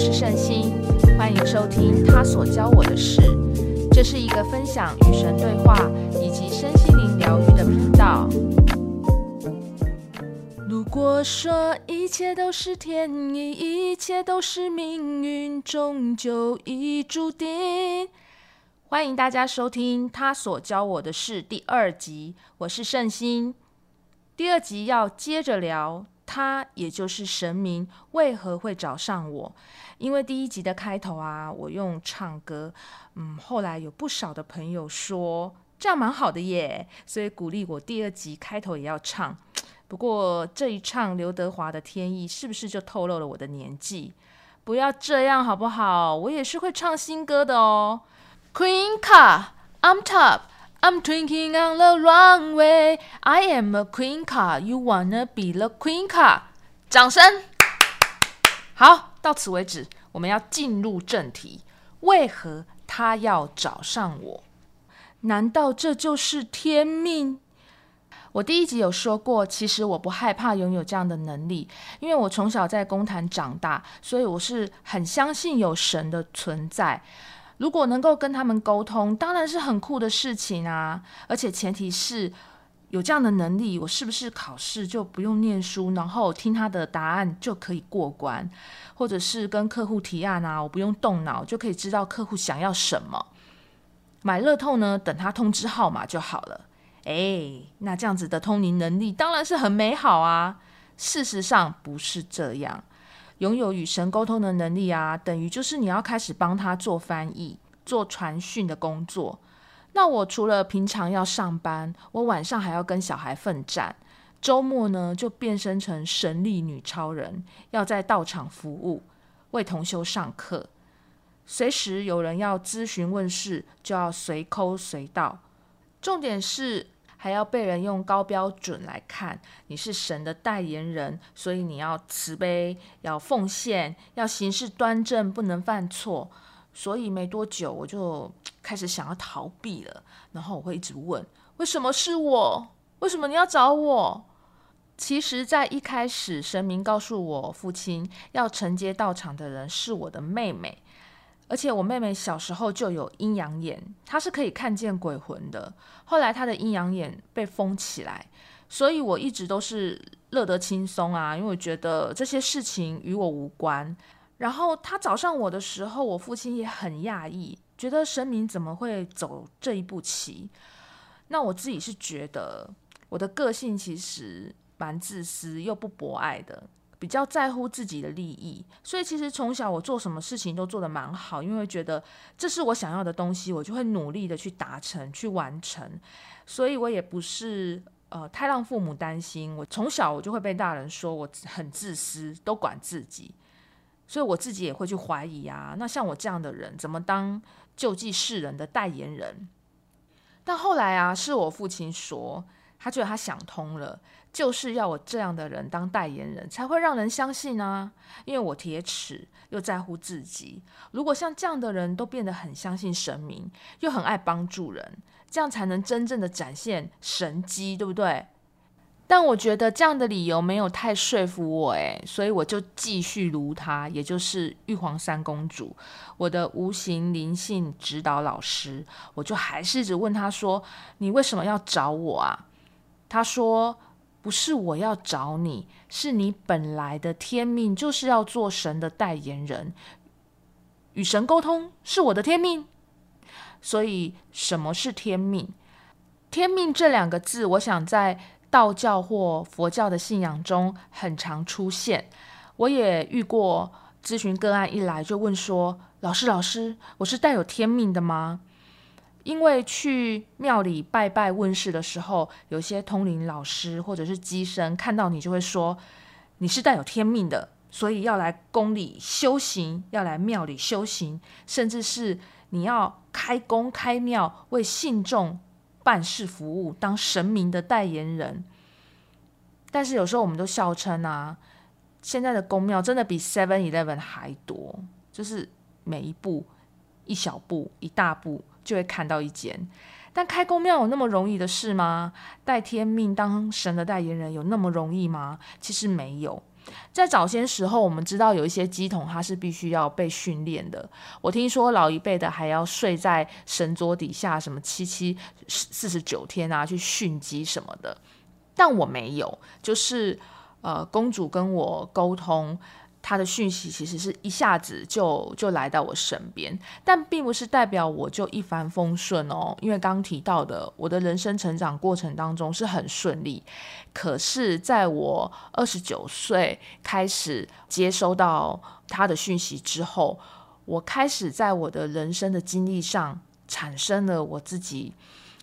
我是聖心，歡迎收聽祂所教我的事。這是一個分享與神對話以及身心靈療癒的頻道。如果說一切都是天意，一切都是命運，終究已注定。歡迎大家收聽祂所教我的事第二集。我是聖心，第二集要接着聊。祂也就是神明，為何會找上我？因為第一集的開頭啊，我用唱歌，嗯，後來有不少的朋友說這樣蠻好的耶，所以鼓勵我第二集開頭也要唱。不過這一唱劉德華的《天意》是不是就透露了我的年紀？不要這樣好不好？我也是會唱新歌的哦。Queen car，I'm top。I'm twinkling on the wrong way. I am a Queencard. You wanna be the Queencard？掌聲。好，到此為止，我們要進入正題。為何他要找上我？難道這就是天命？我第一集有說過，其實我不害怕擁有這樣的能力，因為我從小在公壇長大，所以我是很相信有神的存在。如果能夠跟他們溝通，當然是很酷的事情啊！而且前提是有這樣的能力，我是不是考試就不用念書，然後聽他的答案就可以過關，或者是跟客戶提案啊，我不用動腦就可以知道客戶想要什麼？買樂透呢，等他通知號碼就好了。誒，那這樣子的通靈能力當然是很美好啊！事實上不是這樣。擁有與神溝通的能力啊，等於就是你要開始幫他做翻譯、做傳訊的工作。那我除了平常要上班，我晚上還要跟小孩奮戰，周末呢就變身成神力女超人，要在道場服務，為同修上課，隨時有人要諮詢問事，就要隨 call 隨到。重點是，還要被人用高標準來看，你是神的代言人，所以你要慈悲，要奉獻，要行事端正，不能犯錯。所以沒多久我就開始想要逃避了，然後我會一直問：為什麼是我？為什麼你要找我？其實，在一開始，神明告訴我，父親要承接道場的人是我的妹妹。而且我妹妹小時候就有陰陽眼，她是可以看見鬼魂的。後來她的陰陽眼被封起來，所以我一直都是樂得輕鬆啊，因為我覺得這些事情與我無關。然後她找上我的時候，我父親也很訝異，覺得神明怎麼會走這一步棋？那我自己是覺得我的個性其實蠻自私又不博愛的。比較在乎自己的利益，所以其實從小我做什麼事情都做得蠻好，因為覺得這是我想要的東西，我就會努力的去達成、去完成。所以我也不是呃太讓父母擔心。我從小我就會被大人說我很自私，都管自己，所以我自己也會去懷疑啊。那像我這樣的人，怎麼當救濟世人的代言人？但後來啊，是我父親說。他覺得他想通了，就是要我這樣的人當代言人，才會讓人相信呢、啊。因為我鐵齒又在乎自己，如果像這樣的人都變得很相信神明，又很愛幫助人，這樣才能真正的展現神蹟，對不對？但我覺得這樣的理由沒有太說服我，哎，所以我就繼續如他，也就是玉皇三公主，我的無形靈性指導老師，我就還是一直問他說：“你為什麼要找我啊？”祂說：“不是我要找你，是你本來的天命就是要做神的代言人，與神溝通是我的天命。所以，什麼是天命？天命這兩個字，我想在道教或佛教的信仰中很常出現。我也遇過諮詢個案，一來就問說：‘老師，老師，我是帶有天命的嗎？’”因為去廟裡拜拜問事的時候，有些通靈老師或者是乩身看到你，就會說你是帶有天命的，所以要來宮裡修行，要來廟裡修行，甚至是你要開宮開廟為信眾辦事服務，當神明的代言人。但是有時候我們都笑稱啊，現在的宮廟真的比 Seven Eleven 還多，就是每一步。一小步一大步就會看到一間，但開宮廟有那麼容易的事嗎？帶天命當神的代言人有那麼容易嗎？其實沒有。在早先時候，我們知道有一些乩童它是必須要被訓練的。我聽說老一輩的還要睡在神桌底下，什麼七七四十九天啊，去訓乩什麼的。但我沒有，就是呃，公主跟我溝通。祂的訊息其實是一下子就就來到我身邊，但並不是代表我就一帆風順哦、喔。因為剛提到的，我的人生成長過程當中是很順利，可是在我二十九歲開始接收到祂的訊息之後，我開始在我的人生的經歷上產生了我自己。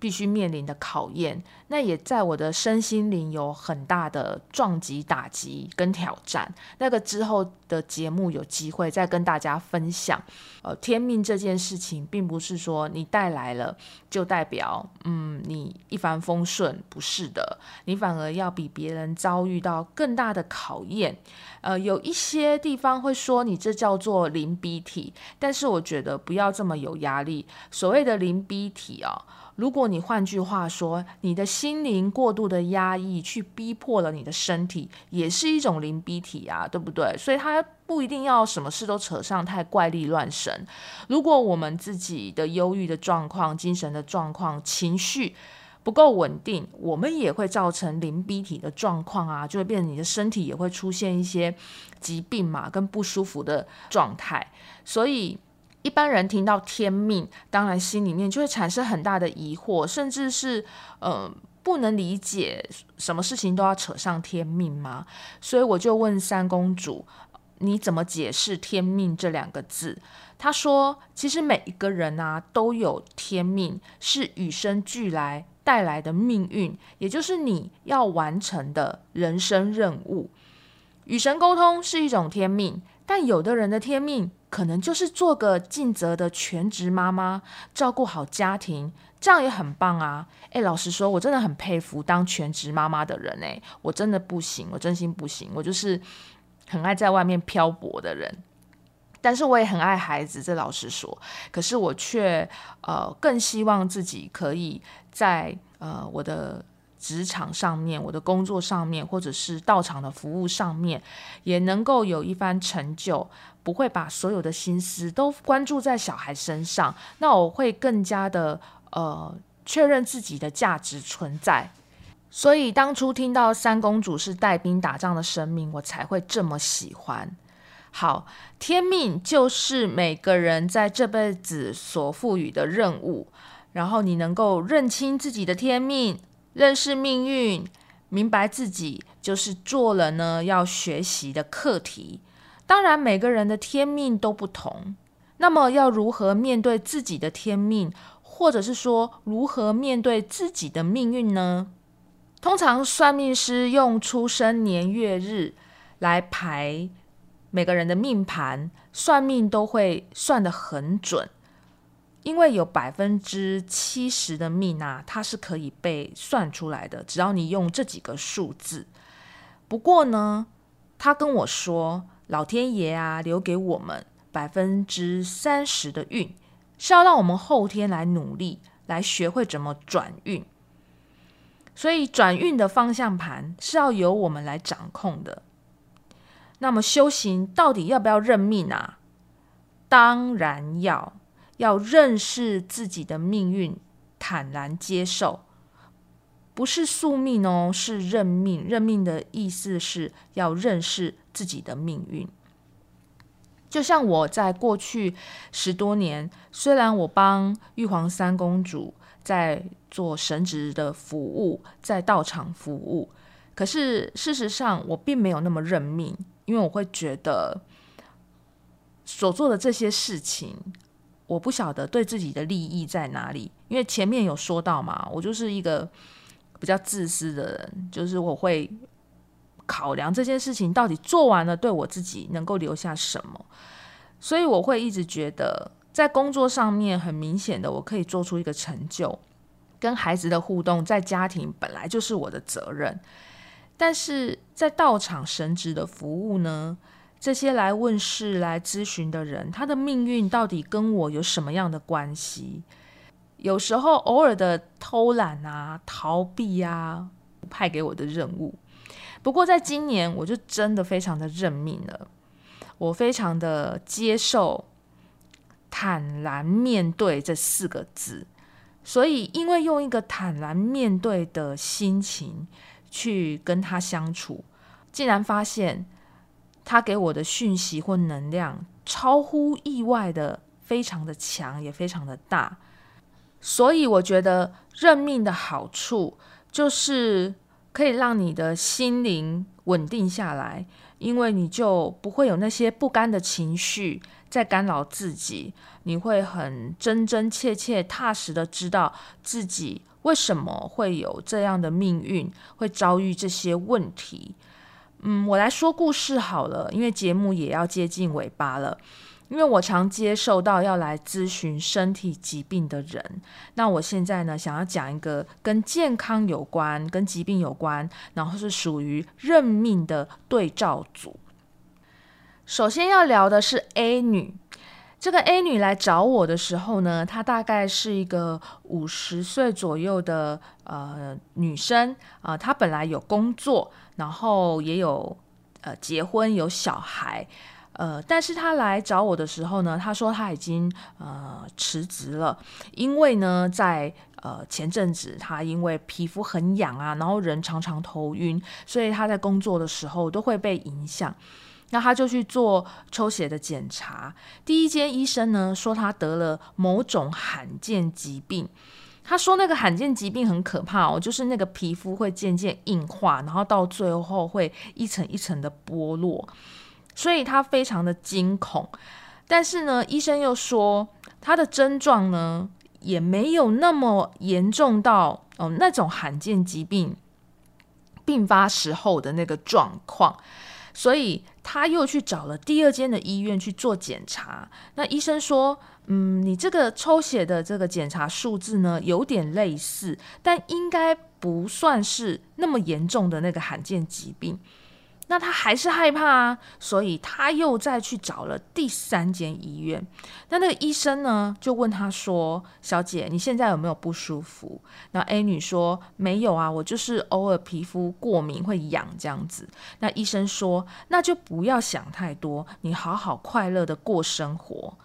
必須面臨的考驗，那也在我的身心靈有很大的撞擊、打擊跟挑戰。那個之後的節目有機會再跟大家分享。呃，天命這件事情，並不是說你帶來了就代表嗯你一帆風順，不是的，你反而要比別人遭遇到更大的考驗。呃，有一些地方會說你這叫做靈逼體，但是我覺得不要這麼有壓力。所謂的靈逼體啊、哦。如果你換句話說，你的心靈過度的壓抑，去逼迫了你的身體，也是一種靈逼體啊，對不對？所以它不一定要什麼事都扯上，太怪力亂神。如果我們自己的憂鬱的狀況、精神的狀況、情緒不夠穩定，我們也會造成靈逼體的狀況啊，就會變成你的身體也會出現一些疾病嘛，跟不舒服的狀態。所以。一般人聽到天命，當然心裡面就會產生很大的疑惑，甚至是呃不能理解，什麼事情都要扯上天命嗎？所以我就問三公主，你怎麼解釋天命這兩個字？她說，其實每一個人啊都有天命，是與生俱來帶來的命運，也就是你要完成的人生任務。與神溝通是一種天命。但有的人的天命可能就是做個盡責的全職媽媽，照顧好家庭，這樣也很棒啊！誒，老實說，我真的很佩服當全職媽媽的人誒，我真的不行，我真心不行，我就是很愛在外面漂泊的人，但是我也很愛孩子，這老實說，可是我卻呃更希望自己可以在呃我的。職場上面，我的工作上面，或者是道場的服務上面，也能夠有一番成就，不會把所有的心思都關注在小孩身上。那我會更加的呃，確認自己的價值存在。所以當初聽到三公主是帶兵打仗的神明，我才會這麼喜歡。好，天命就是每個人在這輩子所賦予的任務，然後你能夠認清自己的天命。認識命運，明白自己，就是做人呢要學習的課題。當然，每個人的天命都不同。那麼，要如何面對自己的天命，或者是說如何面對自己的命運呢？通常，算命師用出生年月日來排每個人的命盤，算命都會算得很準。因為有百分之七十的命啊，它是可以被算出來的，只要你用這幾個數字。不過呢，他跟我說，老天爺啊，留給我們百分之三十的運，是要讓我們後天來努力，來學會怎麼轉運。所以轉運的方向盤是要由我們來掌控的。那麼修行到底要不要認命啊？當然要。要認識自己的命運，坦然接受，不是宿命哦，是認命。認命的意思是要認識自己的命運。就像我在過去十多年，雖然我幫玉皇三公主在做神職的服務，在道場服務，可是事實上我並沒有那麼認命，因為我會覺得所做的這些事情。我不曉得對自己的利益在哪裡，因為前面有說到嘛，我就是一個比較自私的人，就是我會考量這件事情到底做完了對我自己能夠留下什麼，所以我會一直覺得在工作上面很明顯的我可以做出一個成就，跟孩子的互動在家庭本來就是我的責任，但是在道場神職的服務呢？這些來問事、來諮詢的人，他的命運到底跟我有什麼樣的關係？有時候偶爾的偷懶啊、逃避啊，派給我的任務。不過在今年，我就真的非常的認命了，我非常的接受、坦然面對這四個字。所以，因為用一個坦然面對的心情去跟他相處，竟然發現。他給我的訊息或能量，超乎意外的非常的強，也非常的大。所以我覺得認命的好處，就是可以讓你的心靈穩定下來，因為你就不會有那些不甘的情緒在干擾自己。你會很真真切切、踏實的知道自己為什麼會有這樣的命運，會遭遇這些問題。嗯，我來說故事好了，因為節目也要接近尾巴了。因為我常接受到要來諮詢身體疾病的人，那我現在呢，想要講一個跟健康有關、跟疾病有關，然後是屬於認命的對照組。首先要聊的是 A 女，這個 A 女來找我的時候呢，她大概是一個五十歲左右的呃女生啊、呃，她本來有工作。然後也有呃結婚，有小孩，呃，但是他來找我的時候呢，他說他已經呃辭職了，因為呢在呃前陣子他因為皮膚很癢啊，然後人常常頭暈，所以他在工作的時候都會被影響。那他就去做抽血的檢查，第一間醫生呢說他得了某種罕見疾病。他說那個罕見疾病很可怕哦，就是那個皮膚會漸漸硬化，然後到最後會一層一層的剝落，所以他非常的驚恐。但是呢，醫生又說他的症狀呢也沒有那麼嚴重到哦那種罕見疾病病發時候的那個狀況，所以他又去找了第二間的醫院去做檢查。那醫生說。嗯，你這個抽血的這個檢查數字呢，有點類似，但應該不算是那麼嚴重的那個罕見疾病。那他還是害怕啊，所以他又再去找了第三間醫院。那那個醫生呢，就問他說：“小姐，你現在有沒有不舒服？”那 A 女說：“沒有啊，我就是偶爾皮膚過敏會癢這樣子。”那醫生說：“那就不要想太多，你好好快樂的過生活。”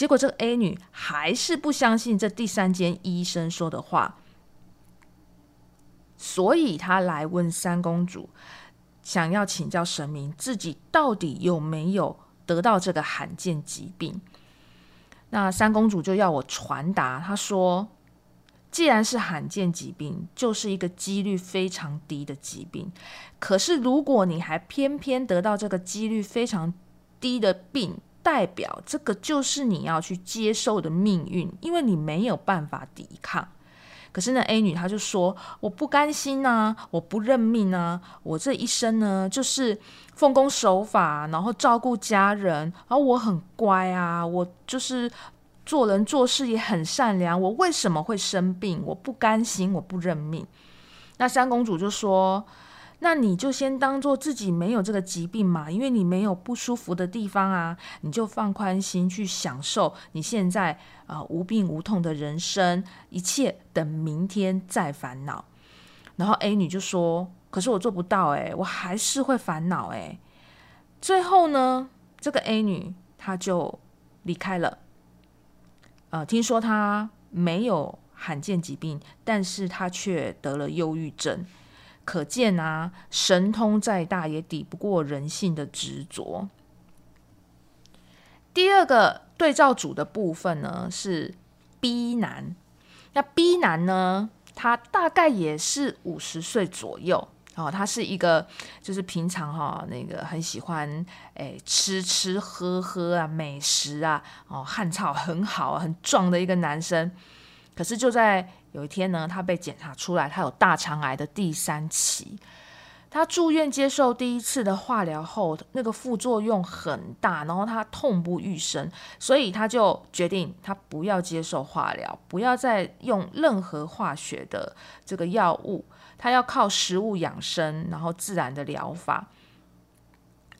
結果，這個 A 女還是不相信這第三間醫生說的話，所以她來問三公主，想要請教神明自己到底有沒有得到這個罕見疾病。那三公主就要我傳達，她說：“既然是罕見疾病，就是一個幾率非常低的疾病。可是如果你還偏偏得到這個幾率非常低的病，”代表這個就是你要去接受的命運，因為你沒有辦法抵抗。可是那 A 女她就說：“我不甘心啊，我不認命啊！我這一生呢，就是奉公守法，然後照顧家人，然後我很乖啊，我就是做人做事也很善良。我為什麼會生病？我不甘心，我不認命。”那三公主就說。那你就先當做自己沒有這個疾病嘛，因為你沒有不舒服的地方啊，你就放寬心去享受你現在啊、呃、無病無痛的人生，一切等明天再煩惱。然後 A 女就說：“可是我做不到誒、欸，我還是會煩惱誒”。最後呢，這個 A 女她就離開了。呃，聽說她沒有罕見疾病，但是她卻得了憂鬱症。可見啊，神通再大也抵不過人性的執着。第二個對照組的部分呢，是 B 男。那 B 男呢，他大概也是五十歲左右，哦，他是一個就是平常哈、哦、那個很喜歡誒、欸、吃吃喝喝啊美食啊哦，漢草很好、啊、很壯的一個男生，可是就在。有一天呢，他被檢查出來，他有大腸癌的第三期。他住院接受第一次的化療後，那個副作用很大，然後他痛不欲生，所以他就決定他不要接受化療，不要再用任何化學的這個藥物，他要靠食物養生，然後自然的療法。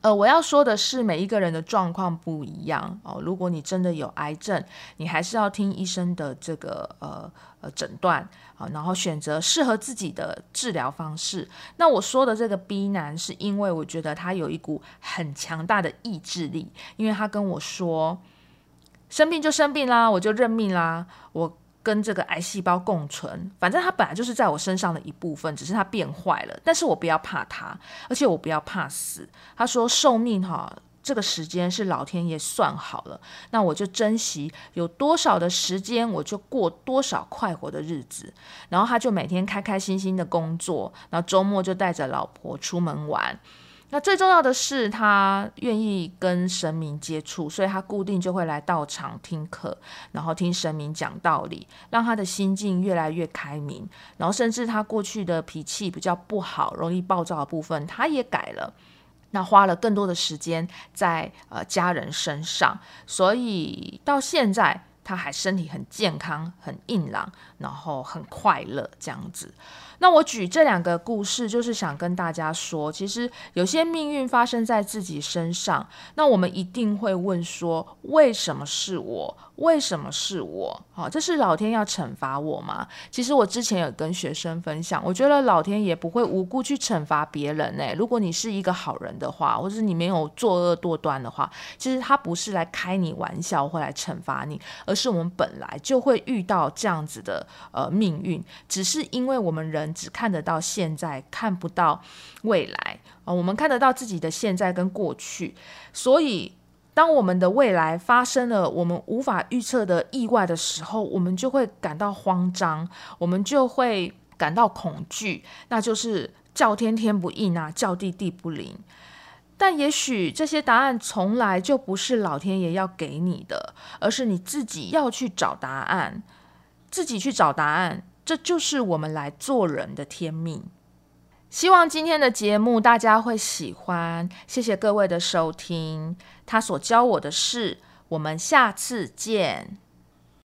呃，我要說的是，每一個人的狀況不一樣哦。如果你真的有癌症，你還是要聽醫生的這個呃呃診斷，哦，然後選擇適合自己的治療方式。那我說的這個 B 男，是因為我覺得他有一股很強大的意志力，因為他跟我說，生病就生病啦，我就認命啦，我，跟這個癌細胞共存，反正它本來就是在我身上的一部分，只是它變壞了。但是我不要怕它，而且我不要怕死。他說壽命哈啊，這個時間是老天爺算好了，那我就珍惜有多少的時間，我就過多少快活的日子。然後他就每天開開心心的工作，然後週末就帶着老婆出門玩。那最重要的是，他願意跟神明接觸，所以他固定就會來道場聽課，然後聽神明講道理，讓他的心境越來越開明。然後，甚至他過去的脾氣比較不好，容易暴躁的部分，他也改了。那花了更多的時間在呃家人身上，所以到現在他還身體很健康，很硬朗。然後很快樂這樣子，那我舉這兩個故事，就是想跟大家說，其實有些命運發生在自己身上，那我們一定會問說，為什麼是我？為什麼是我？好，這是老天要懲罰我嗎？其實我之前有跟學生分享，我覺得老天也不會無故去懲罰別人呢、欸。如果你是一個好人的話，或是你沒有作惡多端的話，其實他不是來開你玩笑或來懲罰你，而是我們本來就會遇到這樣子的。呃，命運只是因為我們人只看得到現在，看不到未來啊，呃，我們看得到自己的現在跟過去，所以當我們的未來發生了我們無法預測的意外的時候，我們就會感到慌張，我們就會感到恐懼，那就是叫天天不應啊，叫地地不靈。但也許這些答案從來就不是老天爺要給你的，而是你自己要去找答案。自己去找答案，這就是我們來做人的天命。希望今天的節目大家會喜歡，謝謝各位的收聽。祂所教我的事，我們下次見。